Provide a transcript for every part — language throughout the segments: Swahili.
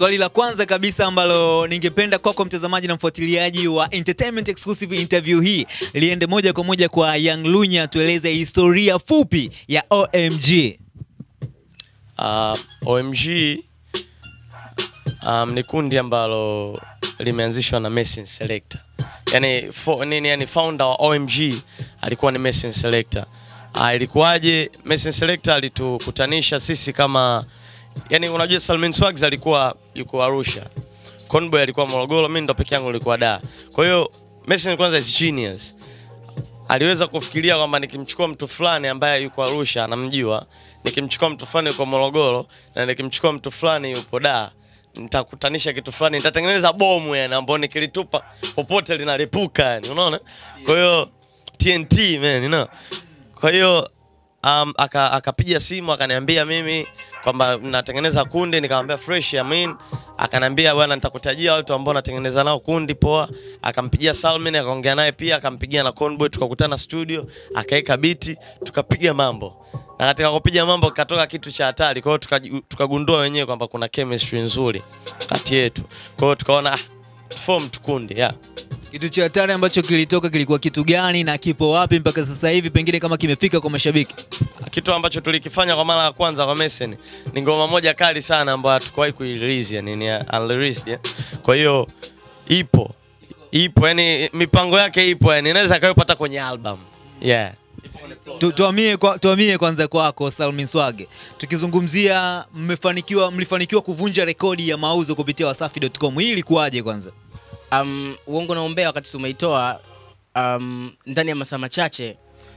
Swali la kwanza kabisa ambalo ningependa kwako mtazamaji na mfuatiliaji wa Entertainment Exclusive interview hii liende moja kwa moja kwa Young Lunya, tueleze historia fupi ya OMG. Uh, ah, OMG um, ah, ni kundi ambalo limeanzishwa na Mason Selector. Yaani nini, yani founder wa OMG alikuwa ni Mason Selector. Uh, ilikuwaje? Mason Selector alitukutanisha sisi kama yani unajua Salmin Swags alikuwa yuko Arusha. Conboy alikuwa Morogoro, mimi ndo peke yangu nilikuwa Dar. Kwa hiyo Messi ni kwanza is genius. Aliweza kufikiria kwamba nikimchukua mtu fulani ambaye yuko Arusha anamjua, nikimchukua mtu fulani yuko Morogoro na nikimchukua mtu fulani yupo Dar, nitakutanisha kitu fulani, nitatengeneza bomu yani ambapo nikilitupa popote linalipuka yani, unaona? Kwa hiyo TNT man, you know. Kwa hiyo um, akapiga aka simu akaniambia mimi kwamba natengeneza kundi, nikamwambia fresh I mean. Akanambia bwana, nitakutajia watu ambao natengeneza nao kundi poa. Akampigia Salmin akaongea naye pia, akampigia na Conboy, tukakutana studio, akaweka biti, tukapiga mambo na katika kupiga mambo katoka kitu cha hatari. Kwa hiyo tukagundua tuka wenyewe kwamba kuna chemistry nzuri kati yetu, kwa hiyo tukaona ah, form tukundi yeah. Kitu cha hatari ambacho kilitoka kilikuwa kitu gani na kipo wapi mpaka sasa hivi, pengine kama kimefika kwa mashabiki? Kitu ambacho tulikifanya kwa mara ya kwanza kwa Mesen ni ngoma moja kali sana ambayo hatukuwahi kuirelease, yani ni unreleased. Kwa hiyo ipo ipo, yani mipango yake ipo, yani inaweza akayopata kwenye album yeah. Tuamie kwa, tuamie kwanza kwako Salmin Swage, tukizungumzia mmefanikiwa, mlifanikiwa kuvunja rekodi ya mauzo kupitia wasafi.com, hii ilikuwaje kwanza? um, uongo naombea wakati tumeitoa um, ndani ya masaa machache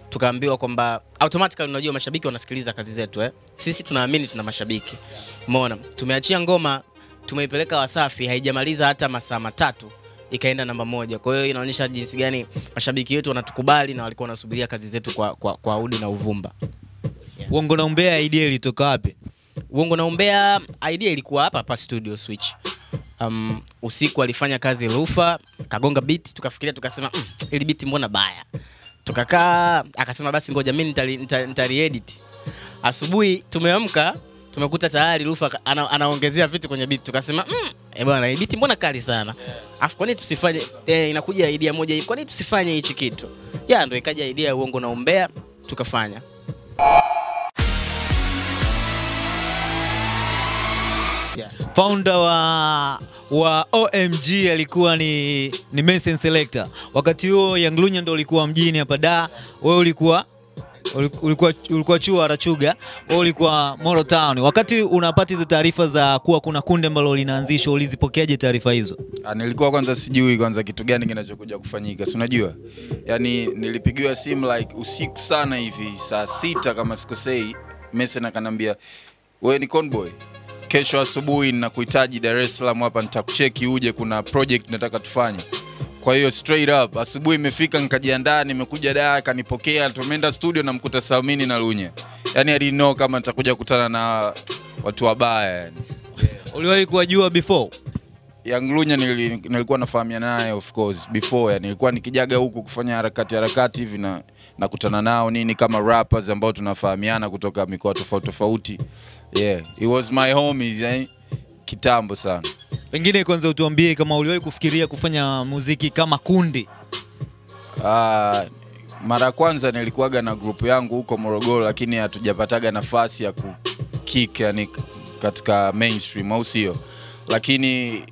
tukaambiwa kwamba automatically unajua mashabiki wanasikiliza kazi zetu eh? Sisi tunaamini tuna mashabiki. Umeona? Tumeachia ngoma, tumeipeleka Wasafi, haijamaliza hata masaa matatu ikaenda namba moja. Kwa hiyo inaonyesha jinsi gani mashabiki wetu wanatukubali na walikuwa wanasubiria kazi zetu kwa, kwa, kwa udi na uvumba. Yeah. Uongo na idea ilitoka wapi? Uongo naumbea idea ilikuwa hapa hapa studio Switch um, usiku alifanya kazi Rufa, kagonga biti tukafikiria tukasema mm, hili ili mbona baya. Tukakaa akasema basi ngoja mimi nitali, edit. Asubuhi tumeamka tumekuta tayari Rufa ana, anaongezea vitu kwenye biti tukasema mm, E bwana beat mbona kali sana. Afu kwa nini tusifanye e, inakuja idea moja kwanii kwa nini tusifanye hichi kitu? Ya ndio ikaja idea ya uongo na umbea tukafanya. founder wa, wa OMG alikuwa ni, ni Mason Selector. Wakati huo Young Lunya ndo ulikuwa mjini hapa da, wewe ulikuwa ulikuwa ulikuwa chua rachuga wewe ulikuwa Moro Town. Wakati unapata hizo taarifa za kuwa kuna kundi ambalo linaanzishwa, ulizipokeaje taarifa hizo? Ah, nilikuwa kwanza sijui kwanza kitu gani kinachokuja kufanyika, si unajua, yani nilipigiwa simu like usiku sana hivi saa sita kama sikosei, Mason akanambia wewe ni Conboy kesho asubuhi nakuhitaji Dar es Salaam hapa, nitakucheki uje, kuna project nataka tufanye. Kwa hiyo straight up asubuhi imefika, nikajiandaa, nimekuja da, kanipokea, tumeenda studio, namkuta Salmini na Lunye. Yani alino kama nitakuja kukutana na watu wabaya yani. Yeah. Uliwahi kuwajua before? Young Lunya nilikuwa nafahamiana naye of course before, yani nilikuwa nikijaga huku kufanya harakati harakati hivi na nakutana nao nini kama rappers ambao tunafahamiana kutoka mikoa tofauti tofauti. Yeah, it was my homies eh? kitambo sana. Pengine kwanza utuambie kama uliwahi kufikiria kufanya muziki kama kundi. Uh, mara kwanza nilikuwaga na grupu yangu huko Morogoro, lakini hatujapataga nafasi ya kukick yani katika mainstream, au sio? Lakini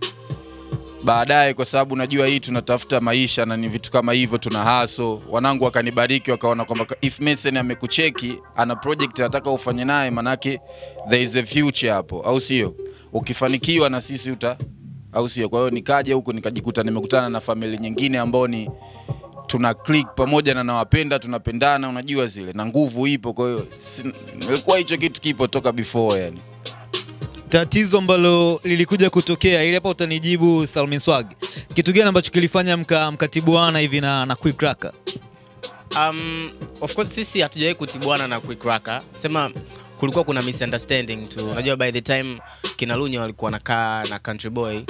baadaye, kwa sababu najua hii tunatafuta maisha na ni vitu kama hivyo, tuna haso. Wanangu wakanibariki wakaona kwamba if mesen amekucheki ana project anataka ufanye naye, manake there is a future hapo, au sio? Ukifanikiwa na sisi uta, au sio? Kwa hiyo nikaja huku nikajikuta nimekutana na famili nyingine ambao ni tuna click pamoja na nawapenda, tunapendana, unajua zile, na nguvu ipo. Kwa hiyo nilikuwa hicho kitu kipo toka before yani tatizo ambalo lilikuja kutokea ili hapa utanijibu Salmin Swag, kitu gani ambacho kilifanya mka, mkatibuana hivi na, na Quick Raka? Um, of course sisi hatujawahi kutibuana na Quick Raka, sema kulikuwa kuna misunderstanding tu. Unajua by the time kina Lunya walikuwa wanakaa na Country Boy,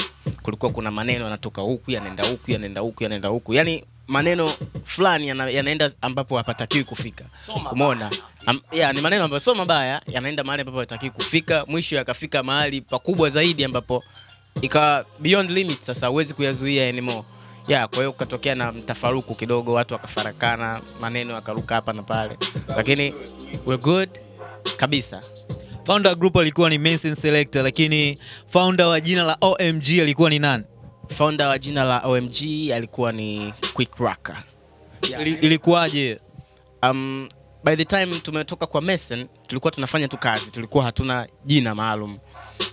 kulikuwa kuna maneno yanatoka huku yanaenda huku yanaenda huku yanaenda huku, yani maneno fulani yana, yanaenda ambapo hapatakiwi kufika umeona Am, ya, ni maneno ambayo sio mabaya yanaenda mahali ambapo hatakiwi kufika mwisho yakafika mahali pakubwa zaidi ambapo ikawa beyond limit sasa huwezi kuyazuia anymore ya kwa hiyo kukatokea na mtafaruku kidogo watu wakafarakana maneno yakaruka hapa na pale lakini we good kabisa founder group alikuwa ni Mason Selector lakini founder wa jina la OMG alikuwa ni nani Founder wa jina la OMG alikuwa ni Quick Rocker. Yeah. ilikuwaje? Um, by the time tumetoka kwa Mason tulikuwa tunafanya tu kazi, tulikuwa hatuna jina maalum.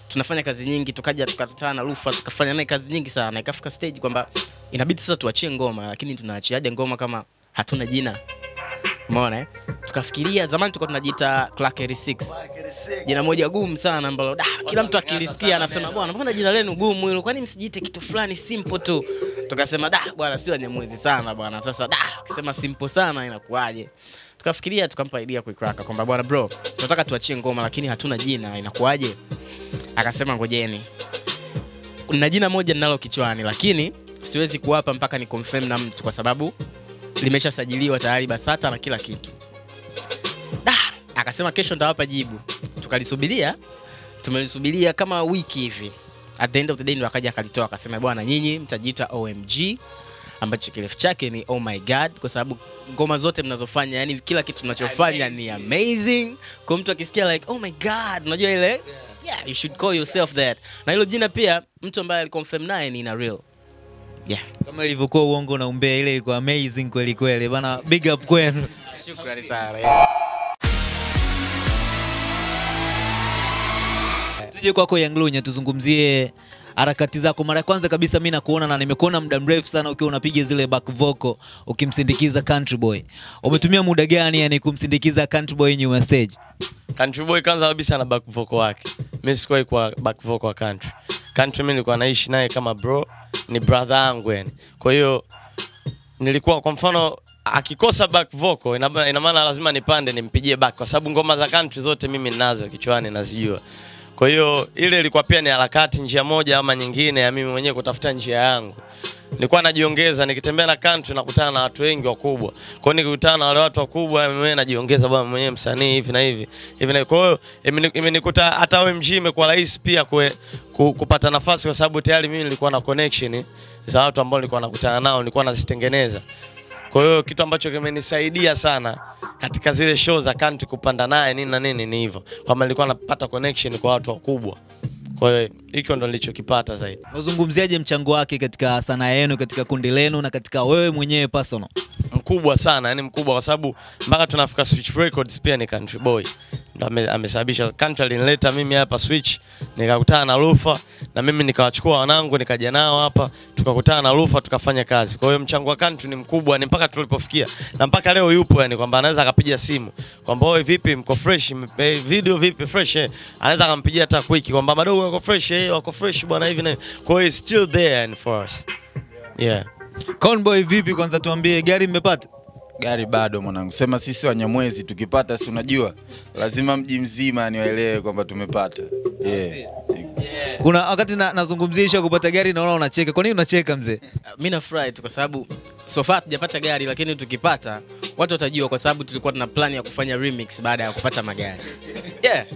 Tunafanya kazi nyingi, tukaja tukakutana na Rufa tukafanya naye kazi nyingi sana, ikafika stage kwamba inabidi sasa tuachie ngoma, lakini tunaachiaje ngoma kama hatuna jina? umeona eh? tukafikiria zamani tulikuwa tunajiita Clark 6 jina moja gumu sana ambalo da kila mtu akilisikia anasema bwana mbona jina lenu gumu hilo kwani msijiite kitu fulani simple tu tukasema da bwana sio nyamwezi sana bwana sasa da ukisema simple sana inakuwaje tukafikiria tukampa idea kwa kuikraka kwamba bwana bro tunataka tuachie ngoma lakini hatuna jina inakuwaje akasema ngojeni na jina moja ninalo kichwani lakini siwezi kuwapa mpaka ni confirm na mtu kwa sababu limeshasajiliwa tayari BASATA na kila kitu. Da, akasema kesho ndawapa jibu. Tukalisubiria, tumelisubiria kama wiki hivi. At the end of the day ndo akaja akalitoa akasema, bwana, nyinyi mtajiita OMG ambacho kirefu chake ni oh my god, kwa sababu ngoma zote mnazofanya, yani kila kitu mnachofanya ni amazing. Kwa mtu akisikia like oh my god, unajua ile yeah. yeah, you should call yourself that. Na hilo jina pia mtu ambaye alikonfirm naye ni na Real yeah. Kama ilivyokuwa uongo na umbea, ile ilikuwa amazing kweli kweli bana, big up kwenu, shukrani sana yeah. Tuje kwako Young Lunya, tuzungumzie harakati zako. Mara kwanza kabisa mi nakuona na nimekuona muda mrefu sana ukiwa unapiga zile back vocal ukimsindikiza Country Boy. Umetumia muda gani yani kumsindikiza Country Boy nyuma stage? Country Boy kwanza kabisa na back vocal wake, mi sikuwahi kuwa back vocal wa Country. Country mi nilikuwa naishi naye kama bro ni brother yangu yani. Kwa hiyo nilikuwa kwa mfano akikosa back vocal ina maana lazima nipande nimpigie back, kwa sababu ngoma za country zote mimi ninazo kichwani nazijua. Kwa hiyo ile ilikuwa pia ni harakati, njia moja ama nyingine, ya mimi mwenyewe kutafuta njia yangu nilikuwa najiongeza nikitembea na country nakutana na watu wengi wakubwa. Kwa hiyo nikikutana na wale watu wakubwa mimi najiongeza bwana mwenyewe msanii hivi na hivi. Hivi na kwa hiyo imenikuta hata OMG imekuwa rahisi pia kwe, ku, kupata nafasi kwa sababu tayari mimi nilikuwa na connection za watu ambao nilikuwa nakutana nao, nilikuwa nazitengeneza. Kwa hiyo kitu ambacho kimenisaidia sana katika zile show za country kupanda naye nini na nini ni hivyo, Kwa maana nilikuwa napata connection kwa watu wakubwa. Kwa hiyo hicho ndo nilichokipata zaidi. Unazungumziaje mchango wake katika sanaa yenu, katika kundi lenu na katika wewe mwenyewe personal? mkubwa sana, yani mkubwa kwa sababu mpaka tunafika Switch Records pia ni country boy ndo amesababisha country. Alinileta mimi hapa Switch nikakutana na Rufa na mimi nikawachukua wanangu nikaja nao hapa tukakutana na Rufa tukafanya kazi. Kwa hiyo mchango wa country ni mkubwa, ni mpaka tulipofikia na mpaka leo yupo, yani kwamba anaweza akapiga simu kwamba wewe vipi, mko fresh, video vipi, fresh eh. Anaweza akampigia hata quick kwamba madogo wako fresh eh, wako fresh bwana hivi na kwa hiyo still there and for us yeah. Conboy vipi kwanza tuambie gari mmepata? Gari bado mwanangu, sema sisi Wanyamwezi tukipata, si unajua lazima mji mzima niwaelewe kwamba tumepata. Yeah. Yeah. Kuna wakati na, kupata gari naona unacheka. Kwa nini unacheka mzee? Mimi ah, nafurahi tu kwa sababu so far tujapata gari, lakini tukipata watu watajua, kwa sababu tulikuwa tuna plan ya kufanya remix baada ya kupata magari. Yeah.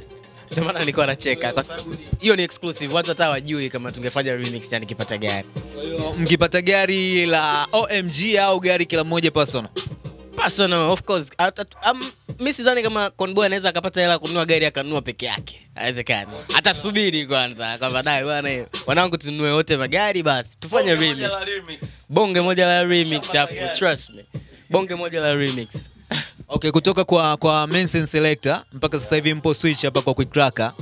Ndio maana nilikuwa nacheka kwa sababu hiyo ni exclusive, watu hata wajui kama tungefanya remix yani kipata gari mkipata gari la OMG au gari kila mmoja pasona Personal, of course. Um, mi sidhani kama konbo anaweza akapata hela kununua gari akanunua peke yake, haiwezekani. Atasubiri kwanza kwamba dai bwana, eh, wanangu, tununue wote magari basi tufanye bonge remix. Moja bonge moja la remix, afu trust me, bonge moja la remix. Okay, kutoka kwa kwa Mensen Selector mpaka sasa hivi mpo switch hapa kwa Quick Cracker.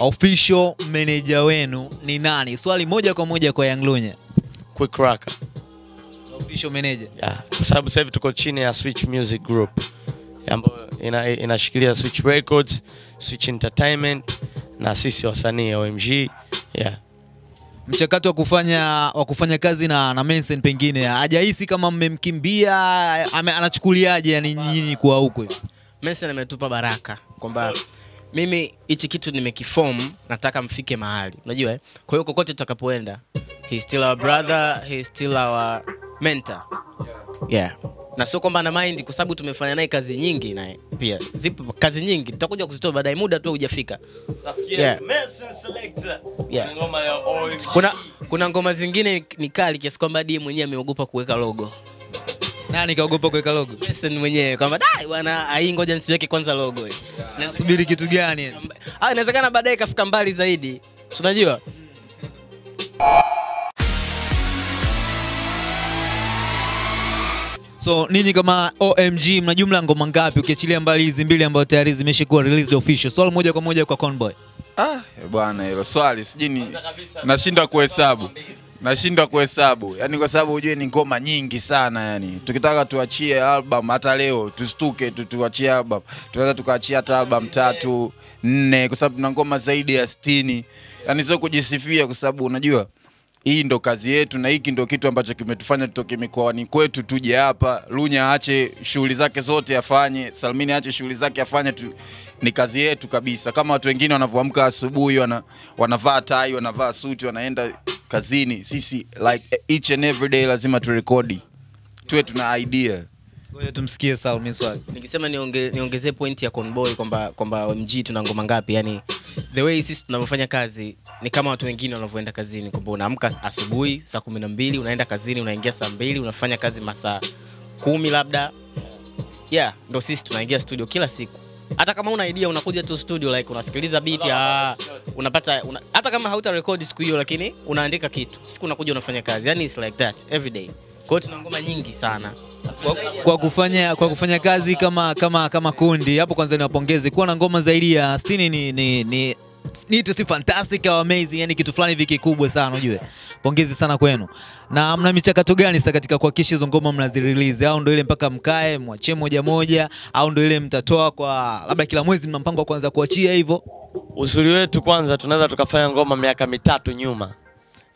Official manager wenu ni nani? Swali moja kwa moja kwa yanglunya Quick Raka official manager. Yeah, kwa sababu sasa hivi tuko chini ya Switch Music Group ambayo ina, inashikilia Switch Records, Switch Entertainment na sisi wasanii ya OMG. Yeah. Mchakato wa kufanya wa kufanya kazi na na Mensen pengine hajahisi kama mmemkimbia, anachukuliaje yani nyinyi kuwa huko? Mensen ametupa baraka kwamba so, mimi hichi kitu nimekifom nataka mfike mahali, unajua eh? Kwa hiyo kokote tutakapoenda, Na sio kwamba ana mind kwa sababu tumefanya naye kazi nyingi naye pia. Zipo kazi nyingi tutakuja kuzitoa baadaye muda tu hujafika. Yeah. Yeah. Kuna kuna ngoma zingine ni kali kiasi kwamba hadi mwenyewe ameogopa kuweka logo. Nani kaogopa kuweka logo? Jason mwenyewe kwamba dai bwana hii ngoja nisiweke kwanza logo hii. na Subiri kitu gani? Ah, inawezekana baadaye kafika mbali zaidi. Unajua? So ninyi kama OMG mna jumla ngoma ngapi ukiachilia mbali hizi mbili ambazo tayari zimeshakuwa released official? Swali so, moja kwa moja kwa Conboy. Ah, bwana hilo swali sijini nashindwa kuhesabu nashindwa kuhesabu yani, kwa sababu ujue ni ngoma nyingi sana yani. Tukitaka tuachie album hata leo tustuke tu, tuachie album, tunaweza tukaachia hata album tatu nne, kwa sababu tuna ngoma zaidi ya sitini. Yani sio kujisifia, kwa sababu unajua hii ndo kazi yetu na hiki ndo kitu ambacho kimetufanya tutoke mikoani kwetu tuje hapa. Lunya aache shughuli zake zote afanye, Salmini aache shughuli zake afanye tu, ni kazi yetu kabisa, kama watu wengine wanavyoamka asubuhi wana, wanavaa tai wanavaa suti wanaenda kazini. Sisi like each and every day lazima turekodi, tuwe tuna idea Ngoja tumsikie Salmi swali. Nikisema nionge, niongezee point ya Conboy kwamba kwamba MG tuna ngoma ngapi, Yaani the way sisi tunavyofanya kazi ni kama watu wengine wanavyoenda kazini kwamba unaamka asubuhi saa kumi na mbili unaenda kazini unaingia saa mbili unafanya kazi masaa kumi labda yeah ndo sisi tunaingia studio kila siku hata kama una idea unakuja tu studio like unasikiliza beat ya unapata una, hata kama hauta record siku hiyo lakini unaandika kitu siku unakuja unafanya kazi yani it's like that every day kwa tuna ngoma nyingi sana kwa, kwa kufanya kwa kufanya kazi kama kama kama kundi hapo kwanza niwapongeze kuwa na ngoma zaidi ya 60 ni, ni, ni Nitu si fantastic au amazing, yani kitu fulani hivi kikubwa sana unajua. Pongezi sana kwenu. Na mna michakato gani sasa katika kuhakikisha hizo ngoma mnazirelease au ndio ile mpaka mkae mwachie moja moja au ndio ile mtatoa kwa labda kila mwezi mna mpango wa kuanza kuachia hivyo? Usuli wetu kwanza, tunaweza tukafanya ngoma miaka mitatu nyuma,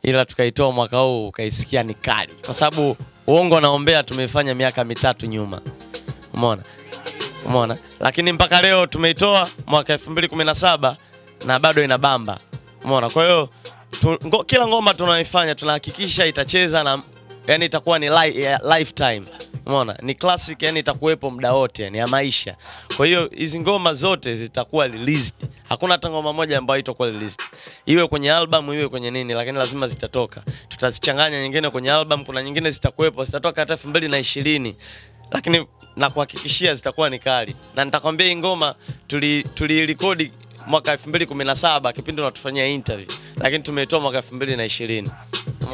ila tukaitoa mwaka huu ukaisikia ni kali, kwa sababu uongo naombea tumeifanya miaka mitatu nyuma, umeona umeona, lakini mpaka leo tumeitoa mwaka 2017 na bado inabamba. Umeona? Kwa hiyo ngo, kila ngoma tunaifanya tunahakikisha itacheza na yani itakuwa ni li, ya, lifetime. Umeona? Ni classic yani itakuwepo muda wote ni ya maisha. Kwa hiyo hizi ngoma zote zitakuwa released. Hakuna hata ngoma moja ambayo itakuwa released. Iwe kwenye album iwe kwenye nini lakini lazima zitatoka. Tutazichanganya nyingine kwenye album, kuna nyingine zitakuwepo zitatoka hata 2020. Lakini na kuhakikishia zitakuwa ni kali. Na nitakwambia hii ngoma tulirekodi tuli mwaka 2017 kipindi unatufanyia interview, lakini tumeitoa mwaka 2020.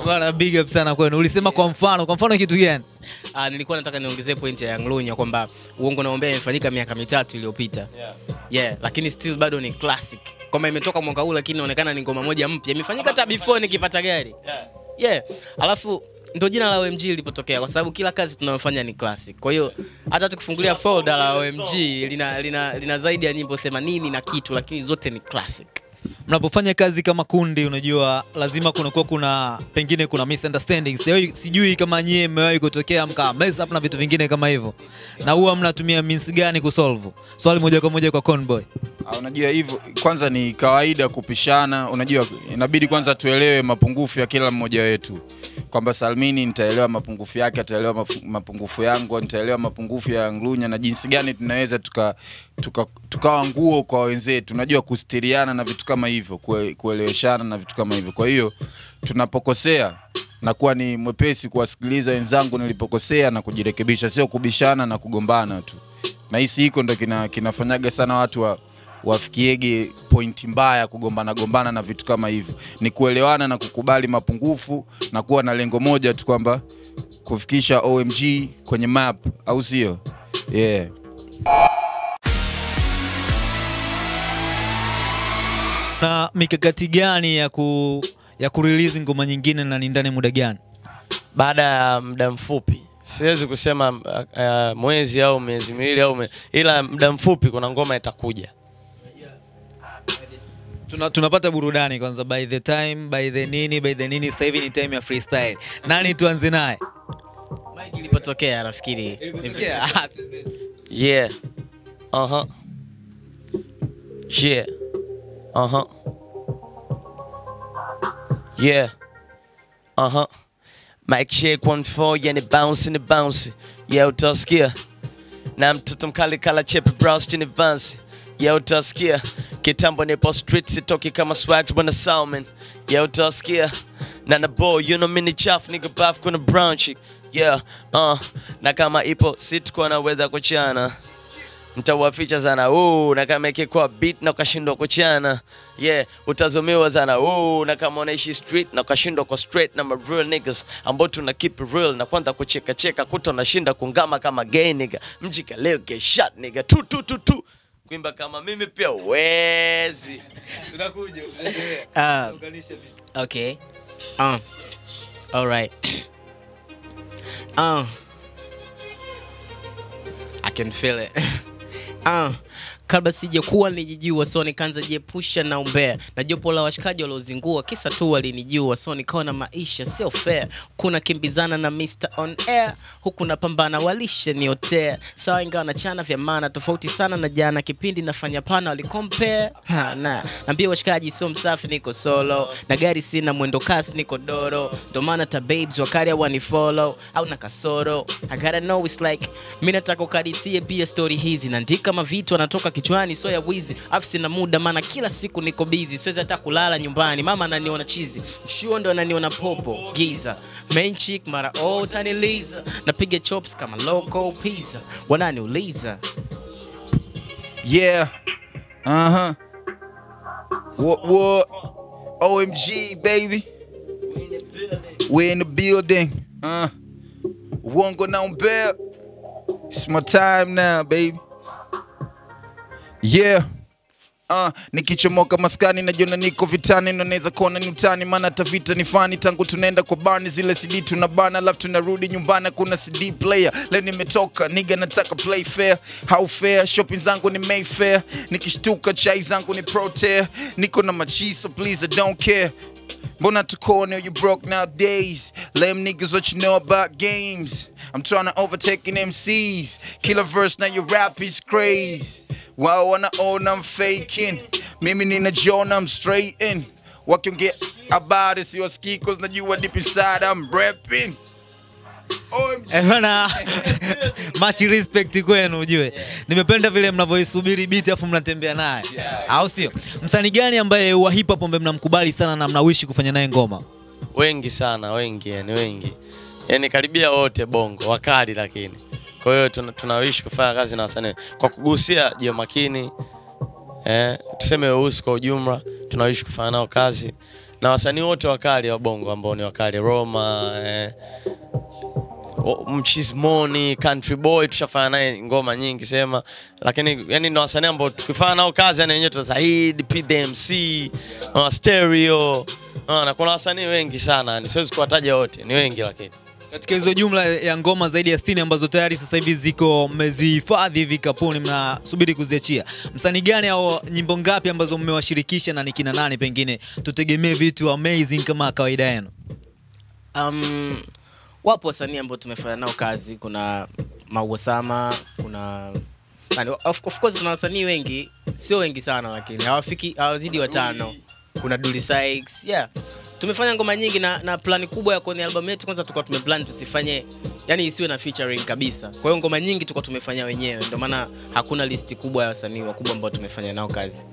Bwana, big up sana kwenu. Ulisema kwa mfano, kwa mfano kitu gani? ah nilikuwa nataka niongezee point ya Young Lunya kwamba uongo naombea imefanyika miaka mitatu iliyopita. Yeah. Yeah, lakini still bado ni classic. Kama imetoka mwaka huu lakini inaonekana ni ngoma moja mpya. Imefanyika hata before nikipata gari. Yeah. Yeah. Alafu ndo jina la OMG lilipotokea kwa sababu kila kazi tunayofanya ni classic. Kwa hiyo hata tukifungulia folder la OMG lina, lina, lina zaidi ya nyimbo 80 na kitu, lakini zote ni classic. Mnapofanya kazi kama kundi, unajua lazima kunakuwa kuna pengine kuna misunderstandings. Leo yaani, sijui kama nyie mmewahi kutokea mka mess up na vitu vingine kama hivyo, na huwa mnatumia means gani kusolve? Swali moja kwa moja kwa Conboy. Ah, unajua hivyo, kwanza ni kawaida kupishana. Unajua, inabidi kwanza tuelewe mapungufu ya kila mmoja wetu, kwamba Salmini nitaelewa mapungufu yake, ataelewa mapungufu yangu, nitaelewa mapungufu ya Nglunya, na jinsi gani tunaweza tukawa tuka, tuka nguo kwa wenzetu. Unajua, kustiriana na vitu kama hivyo, kue, kueleweshana na vitu kama hivyo. Kwa hiyo tunapokosea nakuwa ni mwepesi kuwasikiliza wenzangu nilipokosea na kujirekebisha, sio kubishana na kugombana tu. Na hisi hiko ndo kina, sana watu wa wafikiege pointi mbaya kugombana gombana na vitu kama hivyo. Ni kuelewana na kukubali mapungufu na kuwa na lengo moja tu kwamba kufikisha OMG kwenye map, au sio? Yeah. Na mikakati gani ya ku ya kurelease ngoma nyingine na ni ndani muda gani? Baada ya muda mfupi siwezi kusema uh, uh, mwezi au miezi miwili au ila muda mfupi kuna ngoma itakuja. Tuna, tunapata burudani kwanza, by the time, by the nini, by the nini. Sasa hivi ni time ya freestyle. Nani tuanze naye? Mike ilipotokea nafikiri. Ilipotokea. Ah, yeah. Uh-huh. Yeah. Uh-huh. Yeah. Uh-huh. Mike shake one four, yani bounce ni bounce. Yeah, utasikia. Na mtoto mkali kala chepe browse chini vance. Yeah, utasikia. Kitambo nipo street sitoki kama swag bwana Salman. Yeah, utasikia. Na na boy, you know mini chafu nigga buff kuna brown chick. Yeah, uh, na kama ipo sit sitakuwa naweza kuchana ntawaficha sana uu, na kama ikikuwa beat na ukashindwa kuchana yeah, utazumiwa sana uu, na kama unaishi street na ukashindwa kwa straight na real niggas ambao tuna keep real na kwanza kucheka cheka kuto nashinda kungama kama gay nigga mjika leo get shot nigga tu tu tu tu kuimba kama mimi pia uwezi. Tunakuja. Uh, okay. Um, all right. Um, I can feel it. Um, kabla sijakuwa nilijijua, so nikaanza jiepusha na umbea na jopo la washikaji waliozingua, kisa tu walinijua, so nikaona maisha sio fair. Kuna kimbizana na Mr on air, huku napambana walishe niotea sawa, ingawa na chana vya maana tofauti sana na jana. Kipindi nafanya pana walicompare na naambia washikaji sio msafi, niko solo na gari sina mwendo kasi, niko doro, ndo maana ta babes wakaria wanifollow au na kasoro. I gotta know it's like mimi nataka ukadithie pia story hizi, naandika mavitu anatoka kichwani, so ya wizi, afu sina muda, maana kila siku niko busy, siwezi hata kulala nyumbani, mama ananiona chizi, shuo ndo ananiona popo giza, main chick mara oh, taniliza, napiga chops kama loco pizza, wananiuliza yeah, uh-huh. What what? OMG, baby. We in the building. Huh? Won't go down bell. It's my time now, baby. yeah Uh, nikichomoka maskani najiona niko vitani, naweza kuona ni utani, maana hata vita ni fani. Tangu tunaenda kwa bani, zile CD bana, alafu tunarudi nyumbani, kuna CD player. Leo nimetoka niga, nataka play fair, how fair. Shopping zangu ni Mayfair, nikishtuka chai zangu ni Protea, niko na machiso, please I don't care at the corner, you broke nowadays. Lame niggas, what you know about games? I'm trying to overtake an MCs. Killer verse, now your rap is Why I wanna own, I'm faking. Mimmin in the joint, I'm straightin'. What can get about it? See your ski, cause now you are deep inside, I'm rapping. Eh, much respect kwenu ujue yeah. nimependa vile mnavyoisubiri biti afu mnatembea naye yeah. au sio msani gani ambaye wa hip hop ambaye mnamkubali sana na mnawishi kufanya naye ngoma wengi sana wengi yani wengi yani karibia wote bongo wakali lakini kwa hiyo tuna, tunawishi kufanya kazi na wasanii kwa kugusia jio makini eh, tuseme weusi kwa ujumla tunawishi kufanya nao kazi na wasanii wote wakali wa bongo ambao ni wakali Roma eh, Mchizmoni, Country Boy tushafanya naye ngoma nyingi sema, lakini yani ndo wasanii ambao tukifanya nao kazi yani wenyewe tuna Said PDMC, uh, Stereo uh, na kuna wasanii wengi sana yani siwezi kuwataja wote, ni wengi lakini katika hizo jumla ya ngoma zaidi ya 60 ambazo tayari sasa hivi ziko mmezihifadhi vikapuni, mnasubiri kuziachia, msanii gani au nyimbo ngapi ambazo mmewashirikisha na nikina nani? Pengine tutegemee vitu amazing kama kawaida yenu. Um, wapo wasanii ambao tumefanya nao kazi kuna mauosama kuna yani, of, of course kuna wasanii wengi sio wengi sana lakini hawafiki hawazidi watano kuna Dully Sykes yeah tumefanya ngoma nyingi na, na plani kubwa ya kwenye albamu yetu kwanza tulikuwa tumeplan tusifanye yani isiwe na featuring kabisa kwa hiyo ngoma nyingi tulikuwa tumefanya wenyewe ndio maana hakuna listi kubwa ya wasanii wakubwa ambao tumefanya nao kazi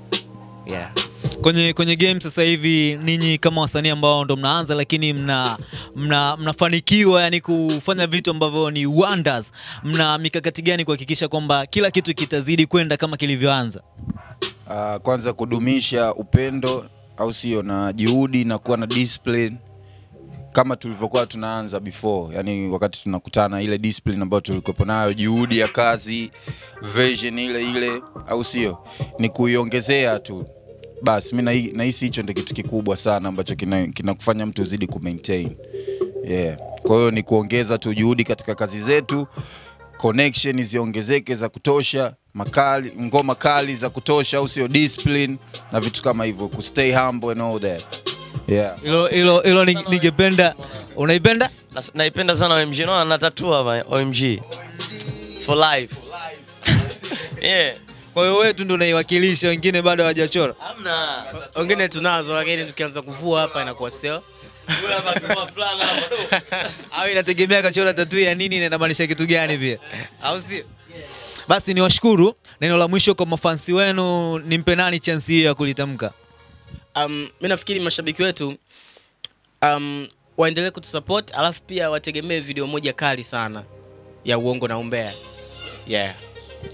yeah kwenye, kwenye game sasa hivi ninyi kama wasanii ambao ndo mnaanza lakini mna, mna, mnafanikiwa yani kufanya vitu ambavyo ni wonders, mna mikakati gani kuhakikisha kwamba kila kitu kitazidi kwenda kama kilivyoanza? Uh, kwanza kudumisha upendo au sio, na juhudi na kuwa na discipline kama tulivyokuwa tunaanza before, yani wakati tunakutana, ile discipline ambayo tulikuwa nayo, juhudi ya kazi, version ile ile, au sio, ni kuiongezea tu basi mi nahisi hicho ndio kitu kikubwa sana ambacho kinakufanya kina mtu uzidi ku yeah. kwa hiyo ni kuongeza tu juhudi katika kazi zetu connection ziongezeke za kutosha makali ngoma kali za kutosha au sio discipline na vitu kama hivyo ku stay humble and all that hilo yeah. hilo hilo ningependa unaipenda naipenda sana OMG naona natatua OMG for life, for life. yeah kwa hiyo wewe tu ndio unaiwakilisha, wengine bado hawajachora. Hamna. Wengine tunazo lakini tukianza kuvua hapa inakuwa sio. Au inategemea kachora tatu ya nini na inamaanisha kitu gani pia. Au sio? Basi ni washukuru. Neno la mwisho kwa mafansi wenu, nimpe nani chansi hiyo ya kulitamka? Um, mimi nafikiri mashabiki wetu um, waendelee kutusupport, alafu pia wategemee video moja kali sana ya uongo na umbea. Yeah.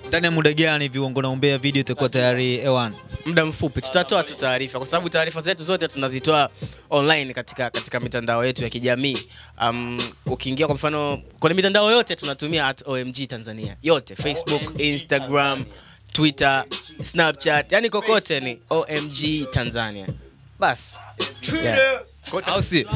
Ndani ya muda gani hivi na Umbea video itakuwa tayari hewani? Muda mfupi tutatoa tu taarifa, kwa sababu taarifa zetu zote tunazitoa online katika, katika mitandao yetu ya kijamii um, ukiingia kwa mfano kwenye mitandao yote tunatumia at OMG Tanzania yote, Facebook, Instagram, Twitter, Snapchat, yani kokote ni OMG Tanzania basi yeah. au si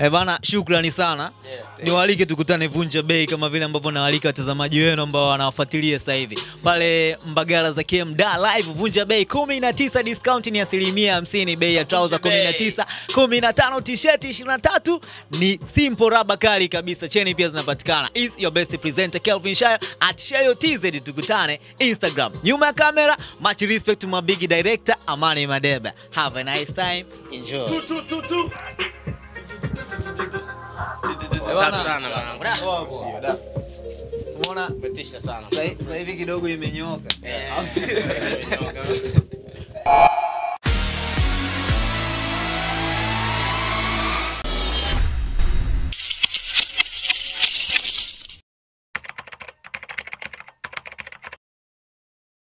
Eh bana, shukrani sana yeah. Niwaalike tukutane Vunja Bei kama vile ambavyo nawaalika watazamaji wenu ambao wanawafuatilia sasa hivi pale Mbagala za KM Da Live Vunja Bei 19 discount ni asilimia 50, bei ya trouser 19, 15 t-shirt 23 ni simple raba kali kabisa, cheni pia zinapatikana. Is your best presenter Kelvin Shayo at Shayo TZ, tukutane Instagram. Nyuma ya kamera, much respect to my big director Amani Madeba. Have a nice time, enjoy. Tu, tu, tu, tu. Sasa hivi kidogo imenyooka. Eh.